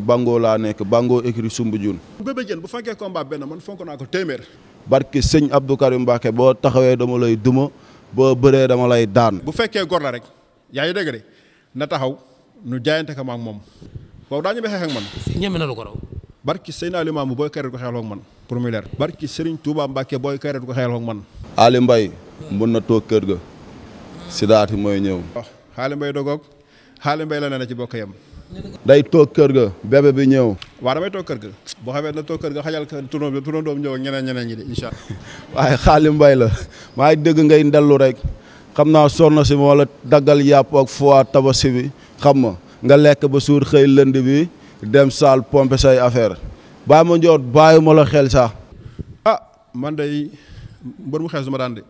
bàngoo laa nekk Bango écrit Soumbédioune. Bébé Diène bu fekkee combat benn man fonk naa ko téeméer. barke sëñ Abdou Karim Mbacke boo taxawee dama lay duma boo bëree dama lay daan. bu fekkee gor rek yaa ngi dégg de na taxaw nu jaayante ko ma ak moom foofu daañu ba xeex ko raw. barki sëñ Aliou Mamou booy kayreet ko man pour muy leer. barki Serigne Touba booy kayreet ko xeexloo ak man. Ali Mbaye mën na toog kër ga. Sidaati mooy ñëw. waaw Ali Mbaye la ne na ci bokk yam day toog kër ga bébé bi ñëw. waaw damay toog kër ga boo xamee na toog kër ga xajal kër tournoi bi tournoi doom ñëw ak ñeneen ñeneen ñi de incha allah. waaye xaali mbay la maa dëgg ngay ndellu rek xam naa sonn si moo la daggal yàpp ak foie tabaski bi xam ma nga lekk ba suur xëy lënd bi dem saal pompe say affaire bàyyi ma njoot bàyyi ma la xel sax. ah ma daan de.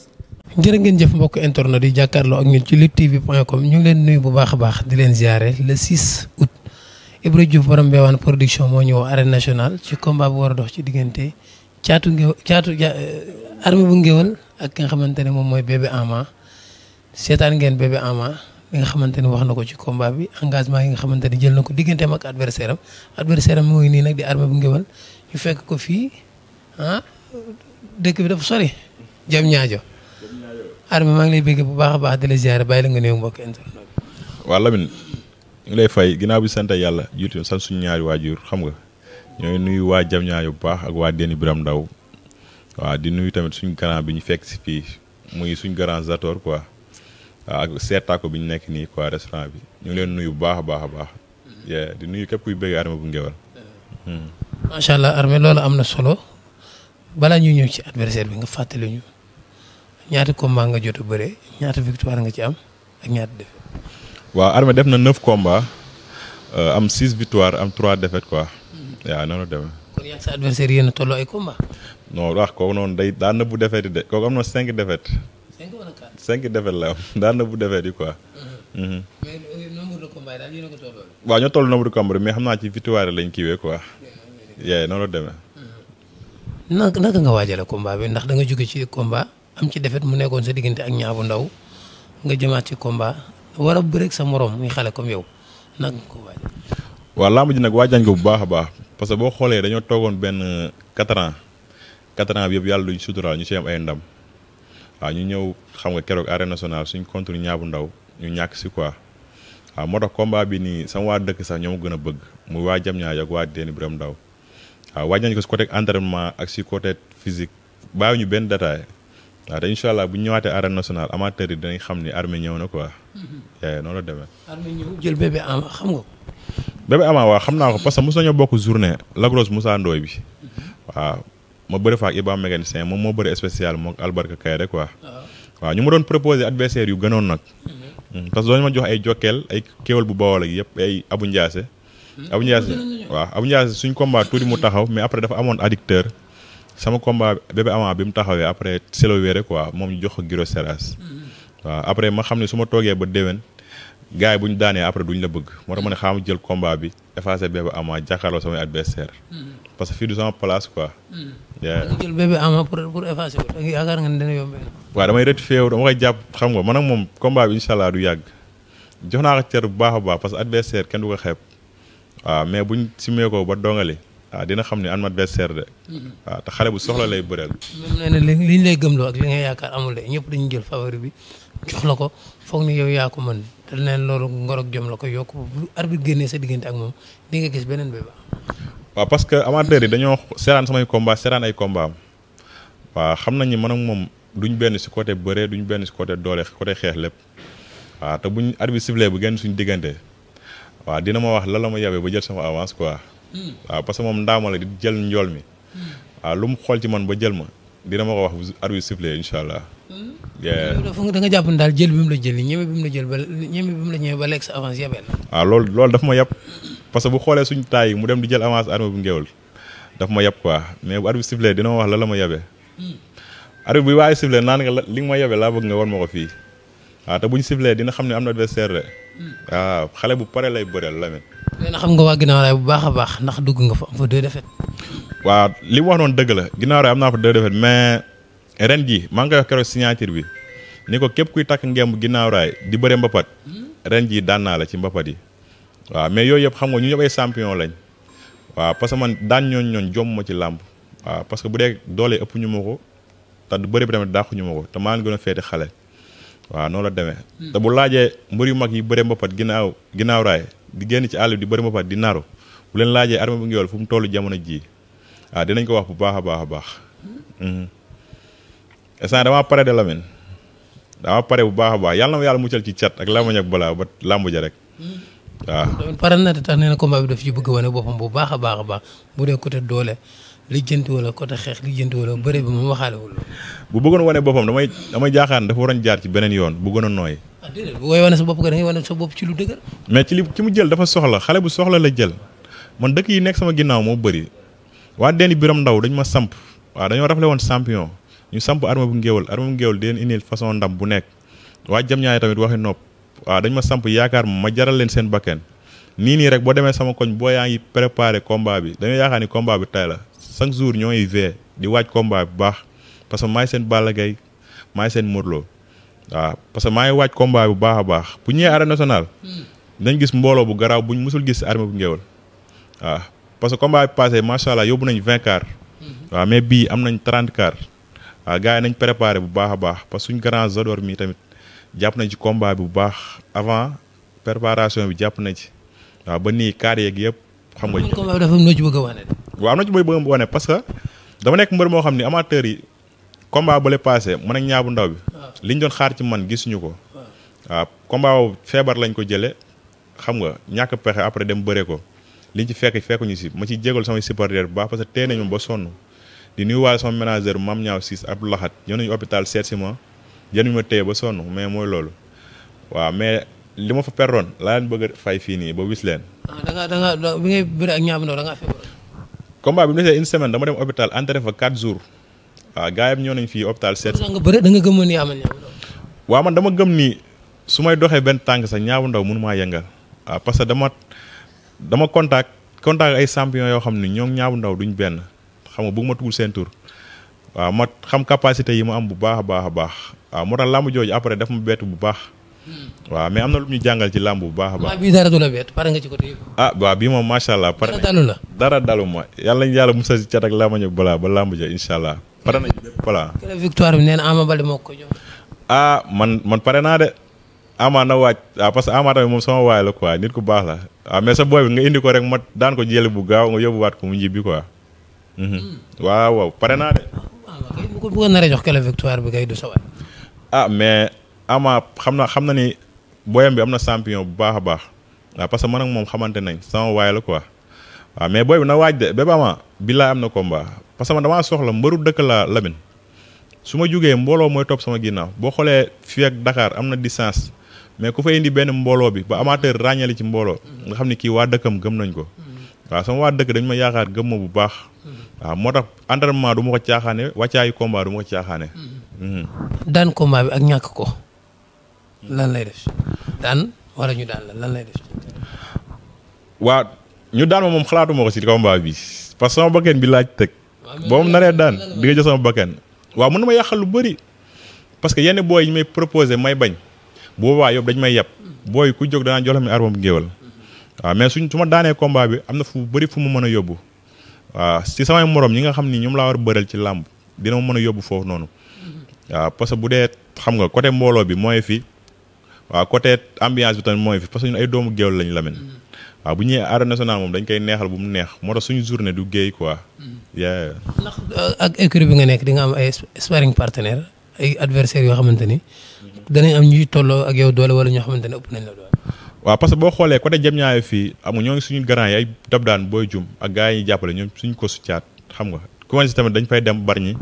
jërë ngeen jëf mbokk internet di jàkkaarloo ak ñun ci luttetv.com ñu ngi leen nuyu bu baax a baax di leen ziare le 6 août. Ibra Diouf borom Mbewaan production moo ñëw arène national ci combat bu war dox ci diggante caatu ngew caatu euh, armée bu ngéwal ak ki nga xamante ne moom mooy bébé Ama seetaan ngeen bébé Ama li nga xamante ni wax na ko ci combat bi engagement yi nga xamante ni jël na ko digganteem ak adversaire am adversaire am mooy nii nag di armée bu ngéwal fekk ko fii ah dëkk bi ñaajo Armé maa ngi lay bu baax a baax di la ziare bàyyi la nga nuyu mbokk internet waa Lamine lay fay ginnaaw bi sant yàlla jiitu sant suñ ñaari waajur xam nga ñooy nuyu waa jam ñaayu bu baax ak waa Déni Biram Ndaw waa di nuyu tamit suñ grand bi ñu fekk si fii muy suñ grand zator quoi waaw ak seetaako bi ñu nekk nii quoi restaurant bi ñu ngi leen nuyu bu baax a baax a baax di nuyu képp kuy bëgg Armé bu Ngéwél hmm. macha allah Armé loolu am na solo balaa ñuy ñëw ci adversaire bi nga fàttali ñu ñaata combat nga jot a bëre ñaata victoire nga ci am ak ñaata défaite. waaw Armé def na neuf combats euh, am six victoire am trois défaites quoi. waaw noonu la demee. kon yaa sa adversaire bu défaite am na cinq défaites. cinq wala la am daan na bu défaite yi quoi. Uh-huh. Mhm. mais euh, nombre de combats ko tolloo. waaw ñoo toll nombre de combats mais xam naa ci victoire lañ kiiwee quoi. yaa noonu la demee. Uh-huh. naka naka nga waajalee combat bi ndax da nga jóge ci combat. am ci defet mu nekkoon sa diggante ak ñaabu ndaw nga jëmaat ci combat war a bëreeg sa morom muy xale comme yow nag ko waaj waaw ji nag waajañ ko bu baax a baax parce que boo xoolee dañoo toogoon benn quatre ans quatre ans yëpp yàlla duñ suturaal ñu si ay ndam waaw ñu ñëw xam nga keroog arène nationale suñ contre ñaabu ndaw ñu ñàkk si quoi waaw moo tax bi nii sama waa dëkk sax ñoo ma gën a bëgg muy waa jam ñaa ak waa Déni Biram Ndaw waaw waaj nañ ko si côté entraînement ak si côté physique bàyyi ñu benn détail waaw te incha bu ñu ñëwaatee arène nationale amateur yi dinañ xam ni armée ñëw na quoi. yaa mm-hmm. eh, la demee. armée ñëw jël bébé xam naa ko parce que mos nañoo bokk journée Lagros Moussa bi. Mm-hmm. waaw ma bëri fa ak Ibrahima mécanicien moom moo bëri spécial moom Albarka Kayre quoi. Ah. waaw ñu ma doon proposé adversaire yu gënoon nag. Mm-hmm. Mm, parce que ma jox ay jokkeel ay kéwal bu bawol ak yëpp ay Abu Ndiasse. Abu Ndiasse waaw Abu Ndiasse suñ combat mu taxaw mais après dafa amoon addicteur. sama combat bébé avant bi mu taxawee après selo wéere quoi moom ñu jox ko Giro Seras mm-hmm. waaw après ma xam ne su ma toogee ba déwén gars yi bu ñu daanee après duñ la bëgg moo tax ma ne xaaral ma jël combat bi effacé bébé ama jàkkaarloo samay adversaire mm-hmm. parce que fii du sama place quoi. Mm-hmm. nga jël bébé ama pour damay rectifié wu dama koy jàpp xam nga man ak moom combat bi incha allah du yàgg jox naa ko cër bu baax a baax parce que adversaire kenn du ko xeeb waaw mais buñ simee ko ba dongale. waaw dina xam ne an ma adversaire de. Mm-hmm. waaw te xale bu soxla lay bëreel. même mm-hmm. nee na li ñu lay gëmloo ak li nga yaakaar amul de ñëpp dañu jël favori bi jox la ko foog ni yow yaa ko mën te neen loolu ngor jom la ko yokk bu arbitre génnee sa diggante ak moom di nga gis beneen bébé. waaw parce que amateurs dañoo seeraan samay combat seeraan ay combat am waaw xam nañu man ak moom duñ benn si côté bëree duñ benn si côté doole côté xeex lépp waaw te buñ arbitre sifflé bu génn suñu diggante waaw dina ma wax la la ma yabee ba jël sama avance quoi. Hmm. waaw parce que moom ndaama di jël njool mi hmm. waaw lu mu xool ci man ba jël ma dina ma ko wax arbitre sifflé incha allah. da nga jàpp ne daal jël la jël ñeme bi la jël ba ñeme bi mu la ñëwee ba lekk sa avance yebeel. waaw loolu loolu ma yab parce que bu xoolee suñu taay mu dem di jël avance armée bu ngeewul daf ma yab quoi mais bu arbitre sifflé dina ma wax la la ma yabee. Hmm. arbitre bi waaye sifflé naan nga li nga ma yabee laa bëgg nga war ma ko fii waaw te buñ sifflé dina xam ne am na adversaire de. waaw xale bu pare lay bëreel la nee na xam nga waa ginnaaw bu baax a baax ndax dugg nga fa am fa deux défaites. waaw li mu wax noonu dëgg la ginnaaw raay am naa fa deux défaites mais ren ji maa nga koy wax keroog signature bi ni ko képp kuy takk ngemb ginnaaw raay di bëre mbapat ren jii daan naa la ci mbapat yi waaw mais yooyu yëpp xam nga ñu ñëpp ay champion lañ waa parce que man daan ñooñ ñooñ jomm ma ci làmb waaw parce que bu dee doole ëpp ñu ma ko te du bëri tamit dàqu ñu ma ko te maa ngi gën a féete xale waaw noonu la demee hmm. te bu laajee mbër yu mag yi bëre mbapat ginnaaw ginnaaw raay di génn ci àll bi di bari mbapat di naru bu leen laajee armée bu Ngéwél fu mu toll jamono jii ah dinañ ko wax bu baax a baax a baax. Mhm. instant damaa pare de Lamine damaa pare bu baax a baax yàlla mu ma yàlla muccal ci cat ak lamañ ak balaa ba làmb ja rek. waaw pare na de tax nee na combat bi daf ci bëgg a wane boppam bu baax a baax a baax mu dee côté doole lijjanti wala côté xeex lijjanti wala bëre bi mu waxaale wul bu bëggoon wane boppam damay damay jaaxaan dafa waroon jaar ci beneen yoon bu gën a nooy. ah wane sa bopp ko da bopp ci lu dëgër. mais ci li ki mu jël dafa soxla xale bu soxla la jël man dëkk yi nekk sama ginnaaw moo bëri waa Déni Biram Ndaw dañu ma samp waaw dañoo rafle woon champion ñu samp arme bu ngéwal arme bu ngéwal di leen façon ndam bu nekk waa jam ñaay tamit waxi nopp waaw dañ ma samp yaakaar ma ma jaral leen seen bakken nii nii rek boo demee sama koñ boo yaa ngi préparé combat bi dañoo yaakaar ni combat bi tay la chaque jour ñooy vee di waaj combat bu baax parce que maay seen Balla Gaye maay seen Modou waaw parce que maa ngi waaj combat bu baax a baax bu ñëwee arène nationale. nañ gis mbooloo bu garaaw bu ñu musul gis armée bu ngeewal waaw parce que combat bi passé macha allah yóbbu nañ vingt car. waa mais bii am nañ trente car. waaw gars yi nañ préparé bu baax a baax parce que suñ grand Zador mi tamit jàpp nañ ci combat bi bu baax avant préparation bi jàpp nañ ci waaw ba nii car yeeg yëpp. xam nga combat bi am na ci bëgg a am bëgg a wane parce que dama nekk mbër moo xam ne amateur yi. combat ba le passé man ak ñaabu ndaw bi. Ah. liñ doon xaar ci man gisuñu ko. waaw ah. ah, combat feebar lañ ko jëlee xam nga ñàkk pexe après dem bëree ko liñ ci fekk fekkuñu si ma ciy jégalu samay supérieur bu baax parce que tee nañu ba sonn di nuyuwaale sama ménageur Mame Ñaaw Ciss Abdou Lahat ñëw nañu hôpital seet si ma jën ma téye ba sonn mais mooy loolu waaw mais li ma fa perroon laa leen bëgg fay fii nii ba wis leen. da nga da nga bi ngay bëri ak ñaabu ndaw mu desee une dama dem hôpital entraîné fa 4 jours. waaw ah, gars yi ñoo nañ fii hôpital seet. nga bëre da nga gëmoon waaw man dama gëm nii su may doxee benn tànk sax ñaaw ndaw mënu maa yëngal waaw ah, parce que dama dama contact contact ay champion yoo xam ni ñoom ñaaw ndaw duñ benn xam nga bëgg ma tuggul seen tur ah, ma xam capacité yi ma am bu baax a baax a baax waaw moo tax làmb jooju après daf ma bett bu baax. Hmm. waaw mais am na lu ñu jàngal ci làmb bu baax a baax. a dara ci côté ah waaw bii moom macha allah. pare dara dalu la dara dalu ma yàlla ñu yàlla musal ci cat ak laa ma balaa ba làmb ja incha allah. pare nañ voilà. victoire bi nee na Ama Baldé moo ah, man man pare naa de. Ama na waaj ah parce que Ama tamit moom sama waay la quoi nit ku baax la ah, bi nga indi ko rek ma daan ko jël bu gaaw nga yóbbuwaat ko mu njibbi quoi. Mhm. Hmm. waaw waaw pare naa de. bu bi kay du sa ah, mais Ama xam na xam na ni booyam bi am na champion bu baax a baax waaw parce que man ak moom xamante nañ sama waay la quoi waaw mais booy na waaj de bépp Ama billaay am na combat. parce que damaa soxla mbëru dëkk la Lamine su ma jógee mbooloo mooy topp sama ginnaaw boo xoolee fii ak Dakar am na distance mais ku fa indi benn mbooloo bi ba amateur ràññali ci mbooloo nga xam ne kii waa dëkkam gëm nañ ko waaw sama waa dëkk dañu ma yaakaar gëm ma bu baax waaw moo tax entraînement du ma ko caaxaane wàccaayu combat du ma ko caaxaane mhm. daan combat bi ak ñàkk ko lan lay def daan wala ñu daan la lan lay def waa ñu daan ma moom xalaatuma ko ci combat que sama bi laaj teg boo mu naree daan di nga jël sama bakkan waaw mën na ma yàqal lu bari parce que yenn booy yi may proposé may bañ bu boobaa yow dañ may yeb booy ku jóg danaa jox mi armam géwal waaw mais suñ su ma daanee combat bi am na fu bëri fu mu mën a yóbbu waaw si samay morom ñi nga xam ni ñoom laa war bëral ci làmb dina ma mën a yóbbu foofu noonu waaw parce que bu dee xam nga côté mbooloo bi mooy fi waa côté ambiance bi tamit mooy fi parce que ñun ay doomu géwal lañ la mel waaw bu ñëwee arène nationale moom dañ koy neexal bu mu neex moo tax suñu journée du géey quoi. Mm. Euh, ak écurie bi nga nekk di nga am ay sparring partenaire ay adversaires yoo xamante ni. danañ am ñuy tolloo ak yow doole wala ñoo xamante ne ëpp nañ la doole. waaw parce boo xoolee ko côté jëm ñaayo fii amu ñoo suñu garant yi ay dab daan booy jum ak gars yi ñuy jàppale ñoom suñu ko caat xam nga commencé tamit dañ fay dem bari ñi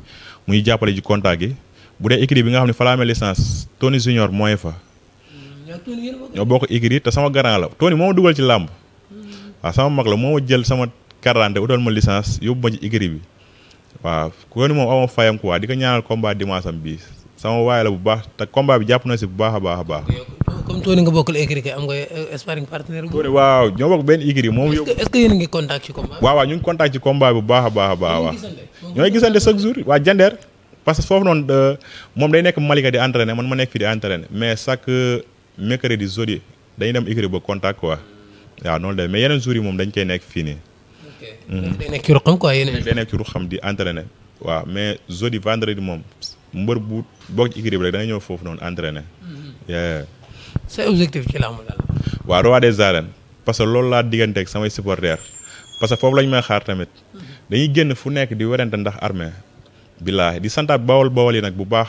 muy jàppale ji contact gi bu dee écurie bi nga xam ne fa laa amee licence Tony Junior mooy fa. Mm, ñoo bokk écurie te sama garant la Tony moo ma ci làmb waaw sama mag la moo ma jël sama quarante utal ma licence yóbbu ma ci igri bi waaw ku moom ama fayam quoi di ko ñaanal combat dimanche bii sama waay la bu baax te combat bi jàpp na si bu baax a baax a baax. comme Tony nga bokkul écurie kay am nga euh, sparring partenaire. Tony waaw ñoo bokk benn écurie moom. baax a baax a baax. ñooy gisante chaque jour waa Jandeer. parce foofu noonu euh, moom day nekk Malika di entraîner ma nekk fii di entraîner mais chaque euh, mercredi jeudi dañuy dem écurie ba contact quoi. waaw noonu la mais yeneen jours yi moom dañ koy nekk fii nii. ok day nekk ci ruqam quoi yeneen. day nekk ci ruqam di entraîner. waaw mais jeudi vendredi moom mbër bu bokk ci équipe da ñëw foofu noonu entraîner. Mhm. say objectif ci làmb daal. waaw roi des arènes parce que loolu laa diggante ak samay supporters parce que foofu lañ may xaar tamit mhm. dañuy génn fu nekk di werante ndax armée billaay di santaat bawol bawol yi nag bu baax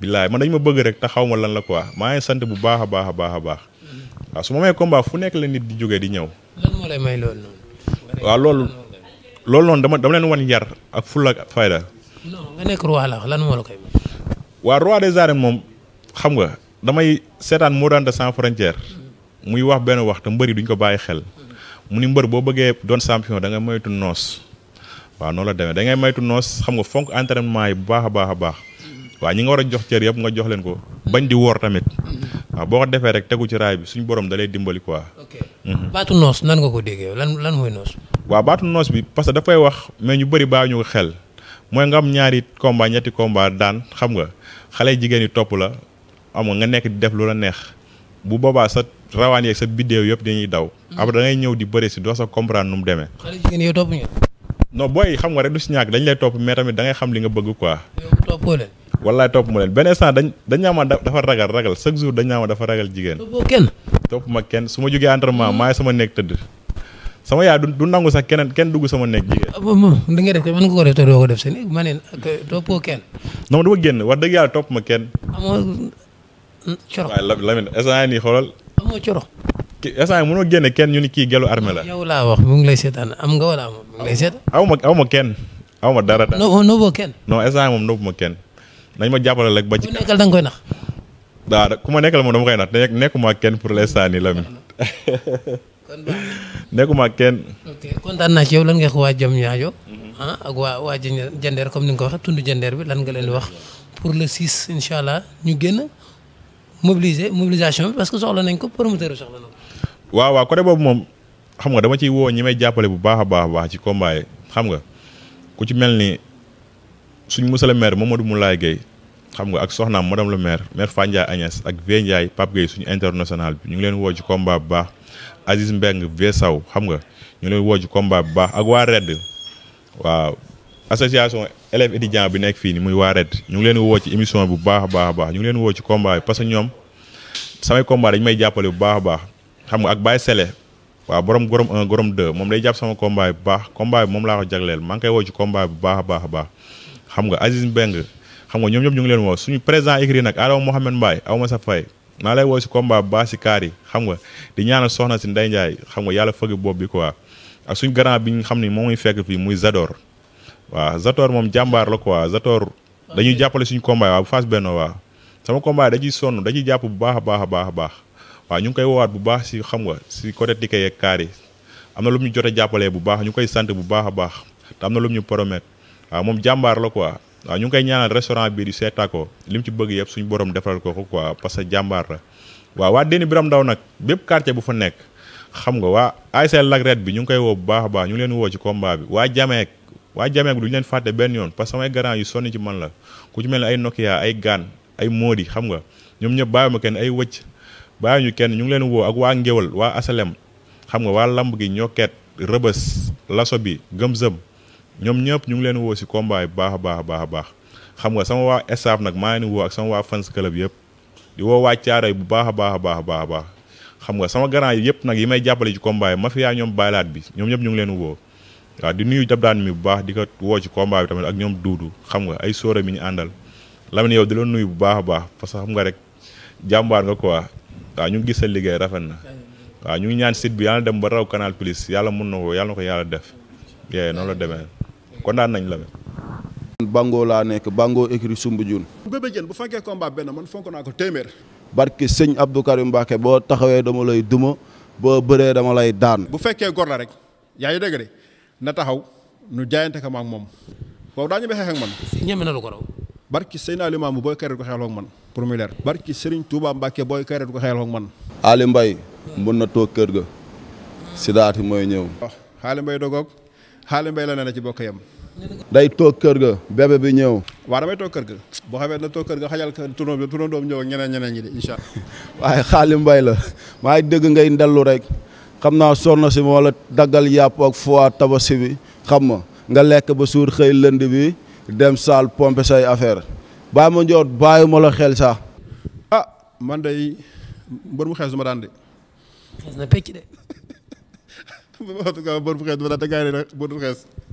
billaay man dañ ma bëgg rek te xaw ma lan la quoi maa ngi sant bu baax a baax a baax a baax. waaw su ma may combat fu nekk la nit di jógee di ñëw. lan may loolu waaw loolu noonu dama dama leen wan yar ak fulla ak fayda. lan moo la koy waa roi des arènes moom xam nga damay seetaan moo daan de sans frontière muy wax benn wax te mbër yi duñ ko bàyyi xel. mu ni mbër boo bëggee doon champion da nga moytu noos waaw noonu la demee da ngay moytu noos xam nga fonk entraînement yi bu baax a baax a baax. waa ñi nga war a jox cër yëpp nga jox leen ko bañ di woor tamit mm-hmm. waaw boo ko defee rek tegu ci raay bi suñu borom da lay dimbali quoi. ok mm-hmm. baatu noos nan nga ko déggee lan lan bi parce que dafay wax mais ñu bari baa ñu xel mooy nga am ñaari combat ñetti combat daan xam nga xale jigéen yi topp la am nga nekk di def lu la neex bu boobaa sa rawaan yeeg sa biddéew yëpp dañuy daw. Mm-hmm. après da ñëw di bëri si doo sa comprendre nu mu demee. xale jigéen booy xam nga rek du si ñàkk dañ lay topp mais tamit da ngay xam li nga bëgg quoi. wallaay topp ma leen benn instant dañ dañ ñaama dafa ragal ragal chaque jour dañ ñaama dafa ragal jigéen. kenn. topp ma kenn su ma jógee entraînement hmm. maay sama nekk tëdd. sama yaay du nangu sax keneen kenn dugg sama nekk jigéen. da nga def mën nga ko def def sa ma ne toppoo kenn. non du génn wax dëgg yàlla topp ma kenn. amoo coro. waaye Lamine instant yii nii xoolal. amoo coro. ki instant kenn ñu ni kii gelu armé la. laa wax mu ngi lay seetaan am nga wala amoo. mu ngi lay seetaan aw ma aw ma kenn aw ma dara. noboo noboo kenn. non instant yii moom nobu ma kenn. nañ ma jàppale rek ba ci. ku nekkal da koy nax. waaw ku ma nekkal moom dama koy nax te nekkuma kenn pour l'instant nii Lamine. nekkuma kenn. ok kontaan naa ci yow lan nga wax waa Jom ñaajo ah ak waa waa Jandeer comme ni nga ko waxee tund Jandeer bi lan nga leen wax pour le 6 incha allah ñu génn mobiliser mobilisation bi parce que soxla nañ ko promoteur bi soxla na ko. waaw waaw côté boobu moom xam nga dama ciy woo ñi may jàppale bu baax a baax a baax ci combat yi xam nga ku ci mel ni. suñ monsieur le maire mu Moulaye Gueye xam nga ak soxnaam madame le maire maire Fandiaye Agnès ak V Ndiaye Pape Gueye suñu international bi ñu ngi leen woo ci combat bu baax Aziz Mbeng V Saw xam nga ñu ngi woo ci combat bu baax ak waa RED waaw association élèves étudiants bi nekk fii ni muy waa RED ñu ngi leen woo ci émission bu baax a baax a baax ñu ngi leen woo ci combat bi parce que ñoom samay combat may jàppale bu baax baax xam nga ak Baye Sele waaw borom gorom gorom moom day jàpp sama combat bu baax combat moom laa ko jagleel ngi koy woo ci combat bu baax a baax a baax xam nga Aziz Mbeng xam nga ñoom ñëpp ñu ngi leen woo suñu président écrit nag Adama Mohamed Mbaye aw sa fay maa lay woo si bu ba si kaar yi xam nga di ñaana soxna si Ndeye Ndiaye xam nga yàlla fëgg bopp bi quoi ak suñu grand bi nga xam ne moom muy fekk fii muy Zador waa Zador moom jàmbaar la quoi Zador dañuy jàppale suñ combat waaw bu faas benn waa sama combat da ciy sonn da jàpp bu baax baax a baax a baax waaw ñu ngi koy wowaat bu baax si xam nga si côté ticket yeeg kaar am na lu ñu jot a bu baax ñu koy sant bu baax a baax te na lu ñu promettre waaw moom jàmbaar la quoi waaw ñu ngi koy ñaanal restaurant bii di Seetaako li mu ci bëgg yëpp suñu borom defal ko ko quoi parce que jàmbaar la waaw waa Déni Biram Ndaw nag bépp quartier bu fa nekk xam nga waa ASC Lac Rett bi ñu ngi koy woo bu baax a baax ñu ngi leen woo ci combat bi waa Jameek waa Jameek du leen fàtte benn yoon parce que samay garant yu sonn ci man la ku ci mel ne ay Nokia ay Gaan ay Modi xam nga ñoom ñëpp bàyyi ma kenn ay wëcc bàyyi ñu kenn ñu ngi leen woo ak waa Ngéwal waa Asalem xam nga waa lamb gi ñokket rëbës laso bi gëm-zëm ñoom ñëpp ñu ngi leen woo si combat yi baax a baax a baax a baax xam nga sama waa staff nag maa ngi woo ak sama waa fans club yëpp di woo waa Caaroy bu baax a baax baax a baax xam nga sama grand yi yëpp nag yi may jàppale ci combat yi mafia ñoom baylaat bi ñoom ñëpp ñu ngi leen woo waaw di nuyu dab daan mi bu baax di ko woo ci combat bi tamit ak ñoom duudu xam nga ay sóora mi ñu àndal Lamine yow di la nuyu bu baax baax parce xam nga rek jàmbaar nga quoi waaw ñu ngi gis liggéey rafet na waaw ñu ngi ñaan site bi yàlla dem ba raw canal plus yàlla mun na ko yàlla ko yàlla def yee noonu la demee kon kontaan nañ la. Bango laa nekk Bango écrit Soumbédioune. Bébé Diène bu fekkee combat benn man fonk naa ko téeméer. barke sëñ Abdou Karim Mbacke boo taxawee dama lay duma boo bëree dama lay daan. bu fekkee gor rek yaa ngi dégg de na taxaw nu jaayante ko ak moom kooku daa ñeme xeex ak man. ñeme ko raw. barki sëñ Aliou Mamou booy kereet ko xeexloo man pour mu leer. barki Serigne Touba Mbacke booy kereet ko xeexloo ak man. Ali Mbaye mun na toog kër ga. Sidaati mooy ñëw. waaw Aliou Mbaye dogoog la ne ci bokk yam day toog kër ga bébé bi ñëw. waaw damay toog kër ga boo xamee na toog kër ga xajal kër turam bi turam doom ñëw ak ñeneen ñi de incha waaye xaali mbay la maa dëgg ngay ndellu rek xam naa sonn si wala daggal yàpp ak foie tabaski bi xam ma nga lekk ba suur xëy lënd bi dem saal pompe say affaire bàyyi ma njoot bàyyi ma la xel sax. Ah, man day mbër